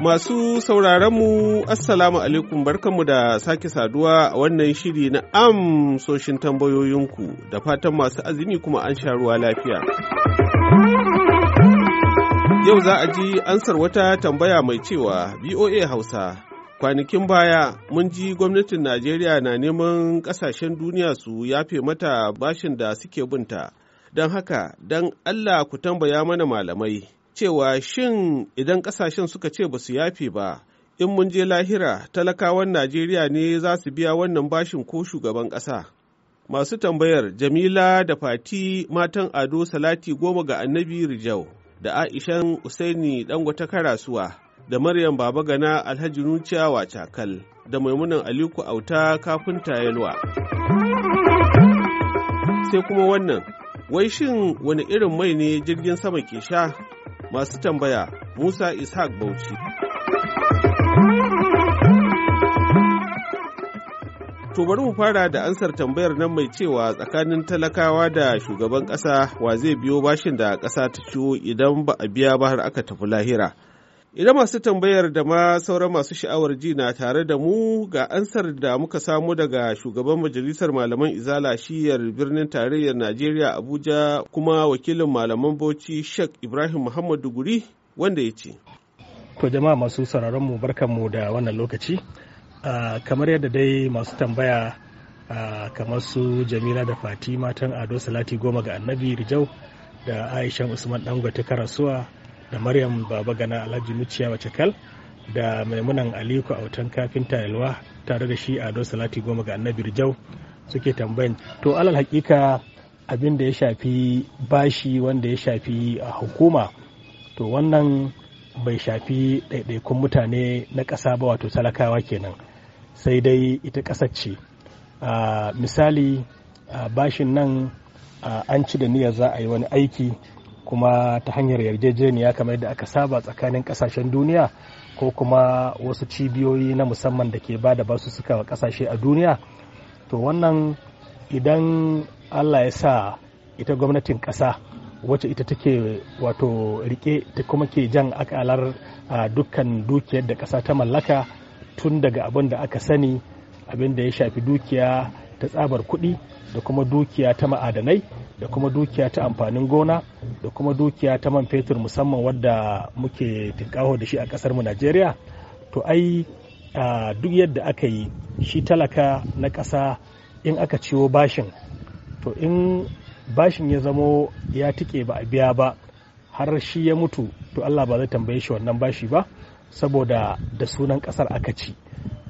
Masu sauraronmu, Assalamu alaikum barkanmu da sake saduwa a wannan shiri na amsoshin tambayoyinku da fatan masu azumi kuma an sha ruwa lafiya. Yau za a ji ansar wata tambaya mai cewa BOA Hausa. Kwanakin baya mun ji gwamnatin Najeriya na neman ƙasashen duniya su yafe mata bashin da suke binta. Don haka, don Allah ku tambaya mana malamai cewa shin idan ƙasashen suka ce ba su yafe ba, in mun je lahira talakawan Najeriya ne za su biya wannan bashin ko shugaban ƙasa. Masu tambayar Jamila da Fati matan Ado Salati goma ga Annabi Rijau da Aishan Usaini Dangwata Karasuwa. da Maryam Babagana Alhaji Nuciya Cakal da Maimunan Aliku Auta Kafinta Yalwa. Sai kuma wannan, wai shin wani irin mai ne jirgin sama ke sha? Masu tambaya, Musa Ishaq Bauchi. To bari mu fara da ansar tambayar nan mai cewa tsakanin talakawa da shugaban ƙasa wa zai biyo bashin da ƙasa ta ciwo idan ba a biya ba har aka tafi lahira. Idan masu tambayar da ma sauran masu sha'awar ji na tare da mu ga ansar da muka samu daga shugaban majalisar malaman izala shiyar birnin tarayyar Najeriya Abuja kuma wakilin malaman Bauchi Sheikh Ibrahim Muhammad Duguri wanda ya ce. To jama'a masu sauraron mu barkan mu da wannan lokaci. Ah, kamar yadda dai masu tambaya ah, kamar su Jamila da Fatima tan Ado Salati goma ga Annabi Rijau da Aisha Usman Dangote Karasuwa da maryam baba gana alhaji muciya wace da maimunan aliko autan kafinta yalwa tare da shi ado salati goma ga annabi rijau suke tambayan to alal hakika abin da ya shafi bashi wanda ya shafi a hukuma to wannan bai shafi ɗaiɗaikun mutane na ƙasa ba wato talakawa kenan sai dai ita ƙasar ce misali bashin nan an ci da niyyar za a yi wani aiki kuma ta hanyar yarjejeniya kamar yadda aka saba tsakanin kasashen duniya ko kuma wasu cibiyoyi na musamman da ke ba da basu suka wa kasashe a duniya to wannan idan allah ya sa ita gwamnatin kasa wacce ita take wato rike ta kuma ke jan akalar dukkan dukiyar da kasa ta mallaka tun daga abin da aka sani abin da ya shafi dukiya ta tsabar kuɗi da kuma dukiya ta ma'adanai da kuma dukiya ta amfanin gona da kuma dukiya ta man fetur musamman wadda muke tinkaho da shi a kasar mu Najeriya to ai duk yadda aka yi shi talaka na ƙasa in aka ciwo bashin to in bashin ya zamo ya tike ba a biya ba har shi ya mutu to Allah ba zai tambaye shi wannan bashi ba saboda da sunan ƙasar aka ci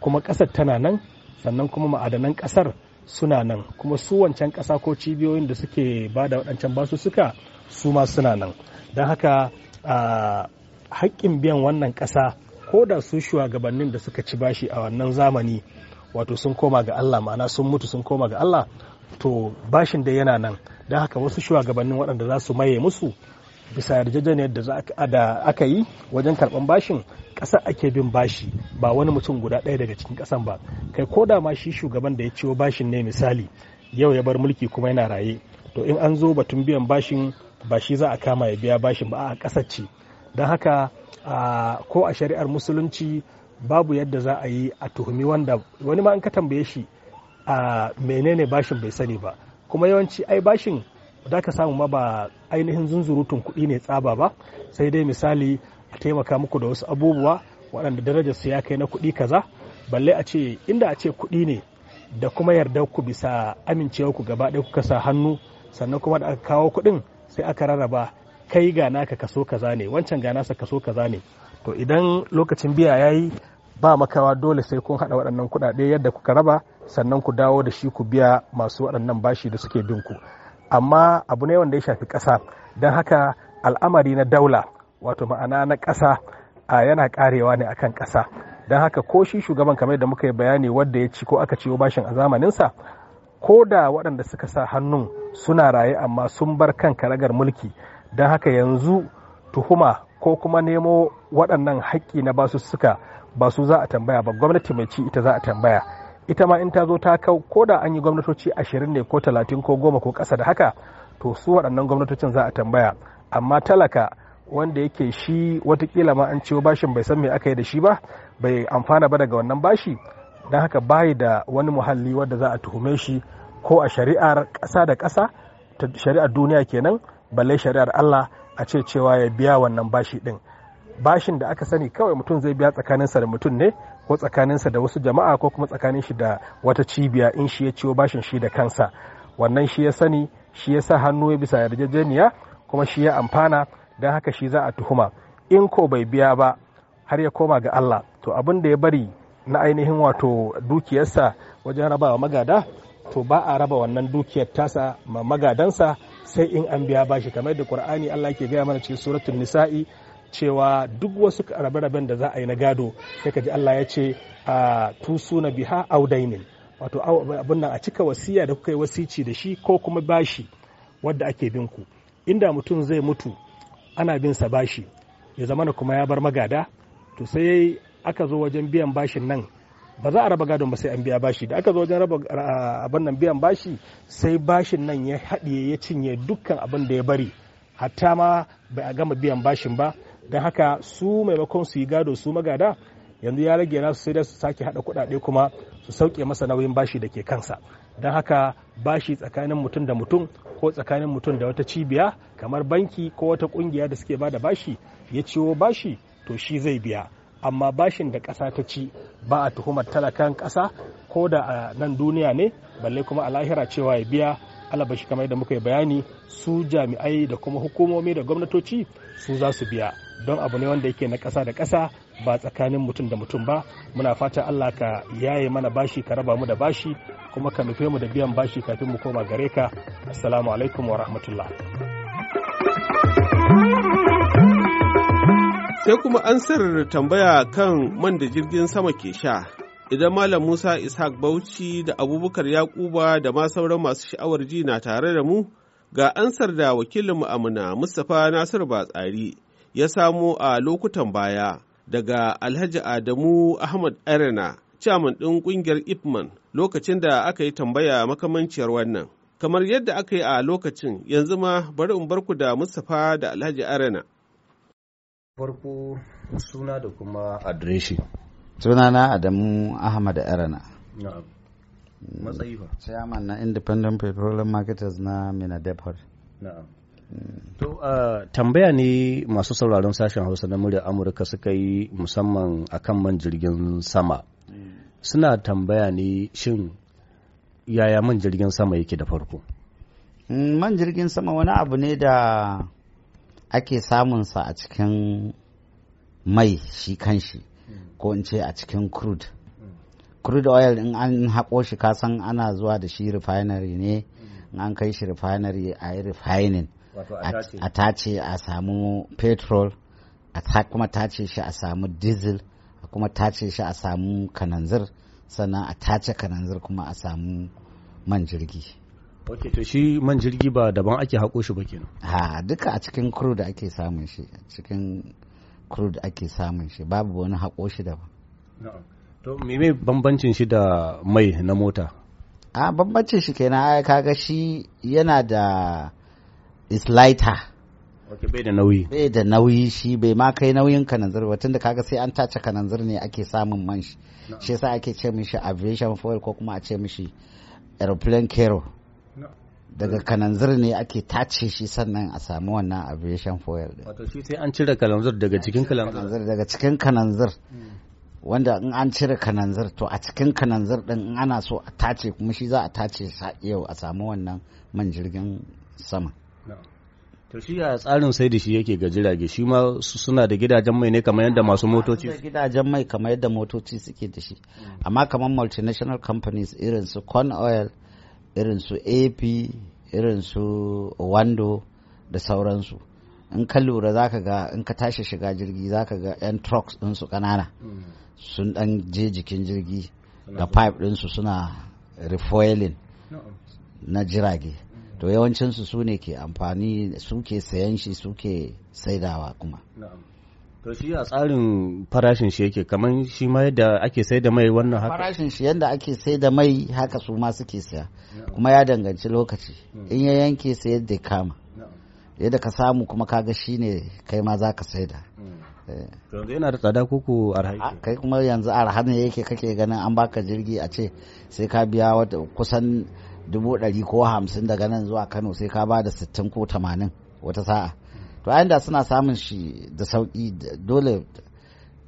kuma ƙasar tana nan sannan kuma ma'adanan ƙasar suna nan kuma su wancan ƙasa ko cibiyoyin da suke ba da waɗancan suka su ma suna nan don haka a haƙƙin biyan wannan ƙasa ko da su shugabannin da suka ci bashi a wannan zamani wato sun koma ga Allah ma'ana sun mutu sun koma ga Allah to bashin da yana nan don haka wasu shugabannin waɗanda za su maye musu bisa yarjejeniyar da aka yi wajen karban bashin ƙasa ake bin bashi ba wani mutum guda ɗaya daga cikin ƙasan ba kai ko da ma shi shugaban da ya ciwo bashin ne misali yau ya bar mulki kuma yana raye to in an zo batun biyan bashin ba shi za a kama ya biya bashin ba a ƙasar ce don haka ko a shari'ar musulunci babu yadda za a yi a tuhumi wanda wani ma an ka tambaye shi a menene bashin bai sani ba kuma yawanci ai bashin da ka samu ma ba ainihin zunzurutun kuɗi ne tsaba ba sai dai misali a taimaka muku da wasu abubuwa waɗanda darajar su ya kai na kuɗi kaza balle a ce inda a ce kuɗi ne da kuma yardar ku bisa amincewa ku gaba ɗaya kuka sa hannu sannan kuma da aka kawo kuɗin sai aka rarraba kai ga naka kaso kaza ne wancan ga nasa kaso kaza ne to idan lokacin biya yayi ba makawa dole sai kun haɗa waɗannan kuɗaɗe yadda kuka raba sannan ku dawo da shi ku biya masu waɗannan bashi da suke bin ku amma abu ne wanda ya shafi ƙasa don haka al'amari na daula wato ma'ana na ƙasa a yana karewa ne akan ƙasa don haka ko shi shugaban kamar da muka yi bayani wadda ya ci ko aka ciwo bashin a zamaninsa ko da waɗanda suka sa hannun suna raye amma sun bar kan karagar mulki don haka yanzu tuhuma ko kuma nemo waɗannan haƙƙi na basu suka ba su za a tambaya ba gwamnati mai ci ita za a tambaya ita ma in ta zo ta kau ko da an yi gwamnatoci ashirin ne ko talatin ko goma ko ƙasa da haka to su waɗannan gwamnatocin za a tambaya amma talaka wanda yake shi watakila ma an ciwo bashin bai san me aka yi da shi ba bai amfana ba daga wannan bashi don haka bayi da wani muhalli wanda za a tuhume shi ko a shari'ar ƙasa da ƙasa shari'ar duniya kenan balle shari'ar Allah a ce cewa ya biya wannan bashi ɗin bashin da aka sani kawai mutum zai biya tsakaninsa da mutum ne ko tsakaninsa da wasu jama'a ko kuma tsakanin shi da wata cibiya in shi ya ciwo bashin shi da kansa wannan shi ya sani shi ya sa hannu ya bisa yarjejeniya kuma shi ya amfana don haka shi za a tuhuma in ko bai biya ba har ya koma ga Allah to abin da ya bari na ainihin wato dukiyarsa wajen rabawa magada to ba a raba wannan dukiyar tasa ma magadansa sai in an biya bashi kamar da Qur'ani Allah ke gaya mana cikin suratul nisa'i cewa duk wasu rabe-raben da za a yi na gado sai ka ji Allah ya ce a tusu na biha audainin wato abin nan a cika wasiya da kuka yi wasici da shi ko kuma bashi wadda ake bin ku inda mutum zai mutu ana bin sa bashi ya zama zamana kuma ya bar magada to sai aka zo wajen biyan bashin nan ba za a raba gado ba sai an biya bashi da aka zo wajen raba abin nan biyan bashi sai bashin nan ya haɗiye ya cinye dukkan abin da ya bari hatta ma bai a gama biyan bashin ba da haka su maimakon su yi gado su magada yanzu ya rage nasu sai da su sake hada kudade kuma su sauke masa nauyin bashi da ke kansa don haka bashi tsakanin mutum da mutum ko tsakanin mutum da wata cibiya kamar banki ko wata kungiya da suke bada bashi ya ciwo bashi to shi zai biya amma bashin da ƙasa ta ci ba a tuhumar talakan ƙasa ko da a nan duniya ne balle kuma a lahira cewa ya biya alabashi kamar yadda muka yi bayani su jami'ai da kuma hukumomi da gwamnatoci su za su biya don abu ne wanda yake na ƙasa da ƙasa ba tsakanin mutum da mutum ba muna fata Allah ka yaye mana bashi ka raba mu da bashi kuma ka nufe mu da biyan bashi kafin mu koma gare ka assalamu alaikum wa rahmatullah sai kuma an ansar tambaya kan man da jirgin sama ke sha idan malam musa ishaq bauchi da abubakar yakuba da ma sauran masu sha'awar ji na tare da mu ga ansar da wakilinmu amina mustapha nasiru batsari ya samo a lokutan baya daga Alhaji Adamu Ahmad Arena, caman ɗin ƙungiyar Ipman lokacin da aka yi tambaya makamanciyar wannan. Kamar yadda aka yi a lokacin yanzu ma bari in barku da Mustapha da Alhaji Arena. Farko suna da kuma adireshi. Sunana Adamu Ahmad Arena. Mm. Matsayi ba. Chairman na Independent Petroleum Marketers na Mina Depot. To tambaya ne masu sauraron sashen Hausa na murya Amurka suka yi musamman akan man jirgin sama. Suna tambaya ne shin yaya man jirgin sama yake da farko? Mm, man jirgin sama wani abu ne da ake samunsa a cikin mai shi kanshi ko in ce a cikin crude. crude oil in an haƙo shi kasan ana zuwa da shi refinery ne in an kai shi refinery a yi refining a tace a samu petrol a kuma tace shi a samu diesel a kuma tace shi a samu kananzir sannan a tace kananzir kuma a samu man jirgi ok to shi man jirgi ba daban ake haƙo shi ba kenan ha duka a cikin crude da ake samun shi a cikin crude ake samun shi babu wani haƙo shi daban to meme bambancin shi da mai na mota a bambancin shi kenan kaga shi yana da is lighter okay, bai da nauyi bai da nauyi shi bai ma kai nauyin kananzir ba tunda kaga sai an tace kananzir ne ake samun man shi shi yasa ake ce mishi aviation fuel ko kuma a ce mishi aeroplane kero daga kananzir ne ake tace shi sannan a samu wannan aviation fuel din wato shi sai an cire kananzir daga cikin kananzir daga cikin kananzir hmm. wanda in an cire kananzir to a cikin kananzir din in ana so a tace kuma shi za a tace yau a samu wannan man jirgin sama to shi tsarin sai da shi yake ga jirage shi ma suna da gidajen mai ne kamar yadda masu motoci da gidajen mai kamar yadda motoci suke da shi amma kamar multinational companies irin su corn oil irin su ap irin su wando da sauransu in ka lura za ka ga in ka tashi shiga jirgi za ka ga 'yan trucks ɗinsu ƙanana sun ɗan je jikin jirgi da pipe ɗinsu suna refoiling na jirage to yawancinsu su ne ke amfani suke sayan shi suke saidawa kuma to shi a tsarin farashin shi yake kamar shi ma yadda ake sai da mai wannan haka farashin shi yadda ake sai da mai haka su ma suke saya kuma ya danganci lokaci hmm. in ya yanke sai yadda kama yadda ka samu kuma kaga shi ne kai ma za ka saida hmm. eh. yanzu yana da tsada koko arha kai kuma yanzu arha ne yake kake ganin an baka jirgi a ce sai ka biya wata kusan dubu ɗari ko hamsin daga nan zuwa kano sai ka ba da sittin ko tamanin wata sa'a to a da suna samun shi da sauƙi dole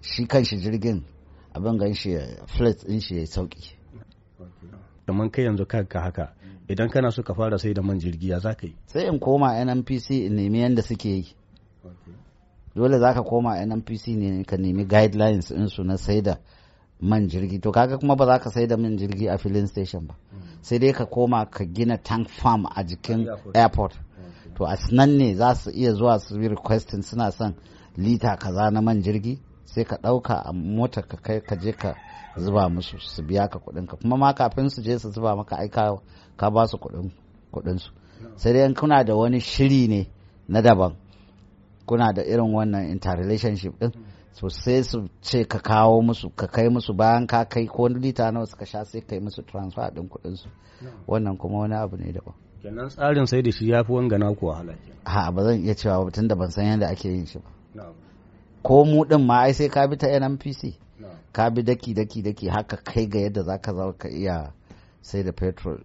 shi kan shi jirgin abin gan shi flat ɗin shi ya sauƙi kamar kai yanzu kanka haka idan kana so ka fara sai da man jirgi ya za ka yi sai in koma nnpc in nemi yadda suke yi dole za ka koma nnpc ne ka nemi guidelines ɗinsu na sai da man jirgi to kaga kuma ba za ka sai da man jirgi a filin station ba hmm. sai dai ka koma ka gina tank farm a jikin airport hmm. to a sinan ne za su iya zuwa su yi requesting suna son lita kaza na man jirgi sai ka ɗauka a mota ka kai ka je ka zuba musu su biya ka kuɗin ka kuma ma kafin su je su zuba maka aika ka ba su kuɗin su hmm. sai dai kuna da wani shiri ne na daban kuna da irin wannan interrelationship din so sai su ce ka kawo musu ka kai musu bayan ka kai ko lita nawa suka sha sai kai musu transfer din kuɗin su wannan kuma wani abu ne daban kenan tsarin sai da shi ya fi a ba zan iya cewa ba tunda ban san yadda ake yin shi ba ko mu din ma ai sai ka bi ta NNPC ka bi daki daki daki haka kai ga yadda zaka za ka iya sai da petrol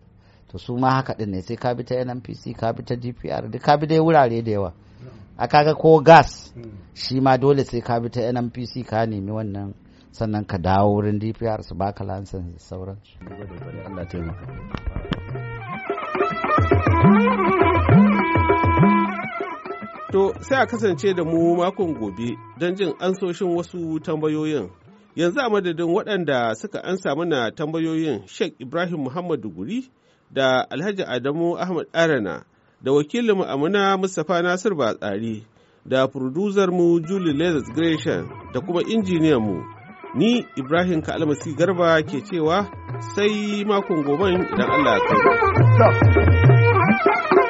to su ma haka din ne sai ka bi ta NNPC ka bi ta GPR duk ka bi dai wurare da yawa a kaga ko gas hmm. shi ma dole sai ka bi ta nnpc ka nemi wannan sannan ka dawo wurin dpr su baka lansan sauran To sai a kasance da mu makon gobe don jin ansoshin wasu tambayoyin. Yanzu a madadin waɗanda suka ansa mana tambayoyin Sheikh Ibrahim Muhammadu Guri da Alhaji Adamu Ahmad Arana da wakilinmu Amina Mustapha Nasir Batsari da mu Julie lezard Gresham da kuma mu ni Ibrahim Kalmasi Garba ke cewa sai makon goben idan Allah ya kai.